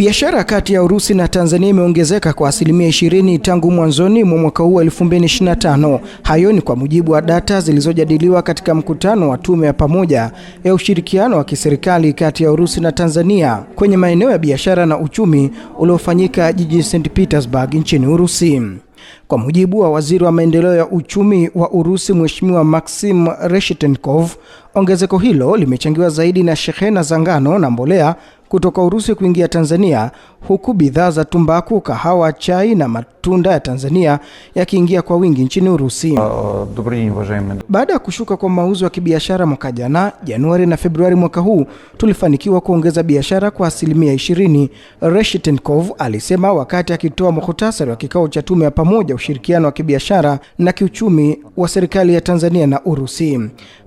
Biashara kati ya Urusi na Tanzania imeongezeka kwa asilimia 20 tangu mwanzoni mwa mwaka huu 2025. Hayo ni kwa mujibu wa data zilizojadiliwa katika mkutano wa tume ya pamoja ya ushirikiano wa kiserikali kati ya Urusi na Tanzania kwenye maeneo ya biashara na uchumi uliofanyika jijini St Petersburg nchini Urusi. Kwa mujibu wa waziri wa maendeleo ya uchumi wa Urusi, Mheshimiwa Maxim Reshetenkov, ongezeko hilo limechangiwa zaidi na shehena za ngano na mbolea kutoka Urusi kuingia Tanzania, huku bidhaa za tumbaku, kahawa, chai na matunda ya Tanzania yakiingia kwa wingi nchini Urusi. Baada ya kushuka kwa mauzo ya kibiashara mwaka jana Januari na Februari mwaka huu, tulifanikiwa kuongeza biashara kwa asilimia 20, Reshitenkov alisema wakati akitoa muhtasari wa kikao cha tume ya pamoja ushirikiano wa kibiashara na kiuchumi wa serikali ya Tanzania na Urusi.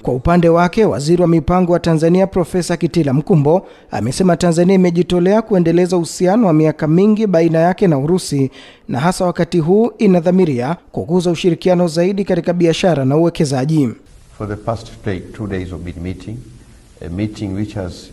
Kwa upande wake, waziri wa mipango wa Tanzania Profesa Kitila Mkumbo amesema Tanzania Tanzania imejitolea kuendeleza uhusiano wa miaka mingi baina yake na Urusi na hasa wakati huu inadhamiria kukuza ushirikiano zaidi katika biashara na uwekezaji. For the past two days we've been meeting, a meeting which has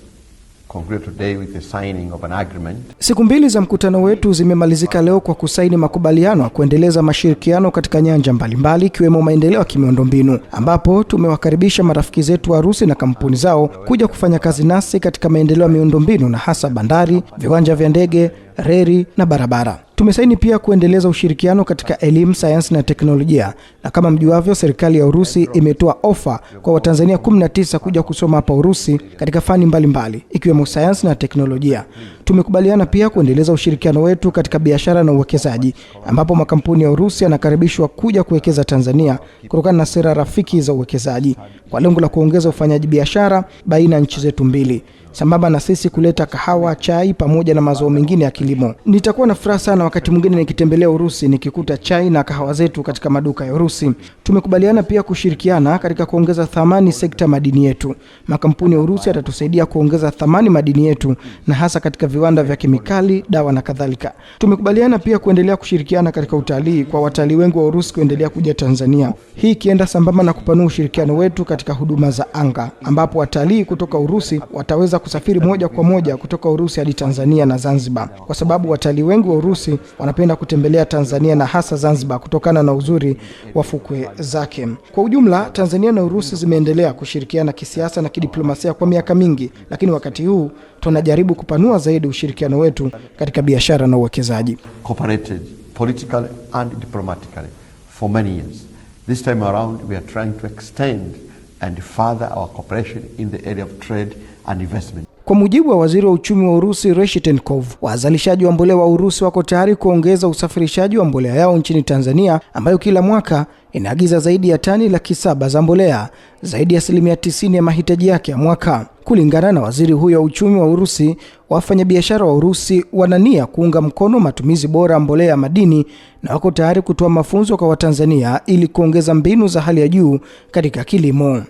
Siku mbili za mkutano wetu zimemalizika leo kwa kusaini makubaliano ya kuendeleza mashirikiano katika nyanja mbalimbali ikiwemo mbali, maendeleo ya kimiundombinu ambapo tumewakaribisha marafiki zetu Warusi na kampuni zao kuja kufanya kazi nasi katika maendeleo ya miundombinu na hasa bandari, viwanja vya ndege reli na barabara. Tumesaini pia kuendeleza ushirikiano katika elimu, sayansi na teknolojia, na kama mjuavyo, serikali ya Urusi imetoa ofa kwa Watanzania 19 kuja kusoma hapa Urusi katika fani mbalimbali ikiwemo sayansi na teknolojia. Tumekubaliana pia kuendeleza ushirikiano wetu katika biashara na uwekezaji, ambapo makampuni ya Urusi yanakaribishwa kuja kuwekeza Tanzania kutokana na sera rafiki za uwekezaji kwa lengo la kuongeza ufanyaji biashara baina ya nchi zetu mbili sambamba na sisi kuleta kahawa, chai pamoja na mazao mengine ya kilimo. Nitakuwa na furaha sana wakati mwingine nikitembelea Urusi nikikuta chai na kahawa zetu katika maduka ya Urusi. Tumekubaliana pia kushirikiana katika kuongeza thamani sekta madini yetu. Makampuni ya Urusi yatatusaidia kuongeza thamani madini yetu na hasa katika viwanda vya kemikali, dawa na kadhalika. Tumekubaliana pia kuendelea kushirikiana katika utalii kwa watalii wengi wa Urusi kuendelea kuja Tanzania. Hii ikienda sambamba na kupanua ushirikiano wetu katika huduma za anga ambapo watalii kutoka Urusi wataweza kusafiri moja kwa moja kutoka Urusi hadi Tanzania na Zanzibar kwa sababu watalii wengi wa Urusi wanapenda kutembelea Tanzania na hasa Zanzibar kutokana na uzuri wa fukwe zake. Kwa ujumla, Tanzania na Urusi zimeendelea kushirikiana kisiasa na kidiplomasia kwa miaka mingi, lakini wakati huu tunajaribu kupanua zaidi ushirikiano wetu katika biashara na uwekezaji. Cooperated politically and diplomatically for many years. This time around we are trying to extend and further our cooperation in the area of trade and investment. Kwa mujibu wa waziri wa uchumi wa Urusi Reshetenkov, wazalishaji wa mbolea wa Urusi wako tayari kuongeza usafirishaji wa mbolea yao nchini Tanzania ambayo kila mwaka inaagiza zaidi ya tani laki saba za mbolea, zaidi ya asilimia 90 ya mahitaji yake ya mwaka. Kulingana na waziri huyo wa uchumi wa Urusi, wafanyabiashara wa Urusi wanania kuunga mkono matumizi bora ya mbolea ya madini na wako tayari kutoa mafunzo kwa Watanzania ili kuongeza mbinu za hali ya juu katika kilimo.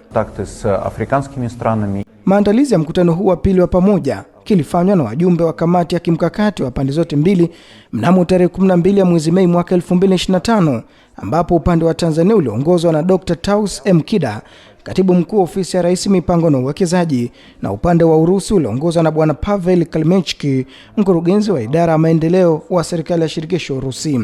Maandalizi ya mkutano huu wa pili wa pamoja kilifanywa na wajumbe wa kamati ya kimkakati wa pande zote mbili mnamo tarehe 12 ya mwezi Mei mwaka 2025 ambapo upande wa Tanzania uliongozwa na Dr. Taus M. Kida katibu mkuu ofisi ya rais mipango na uwekezaji, na upande wa Urusi uliongozwa na bwana Pavel Kalmechki, mkurugenzi wa idara ya maendeleo wa serikali ya shirikisho Urusi.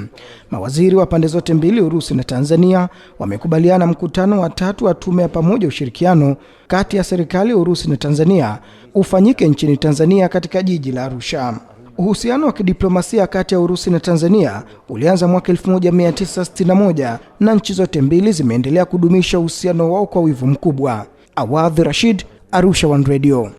Mawaziri wa pande zote mbili, Urusi na Tanzania, wamekubaliana mkutano wa tatu wa tume ya pamoja ushirikiano kati ya serikali ya Urusi na Tanzania ufanyike nchini Tanzania katika jiji la Arusha. Uhusiano wa kidiplomasia kati ya Urusi na Tanzania ulianza mwaka 1961 na nchi zote mbili zimeendelea kudumisha uhusiano wao kwa wivu mkubwa. Awadhi Rashid, Arusha One Radio.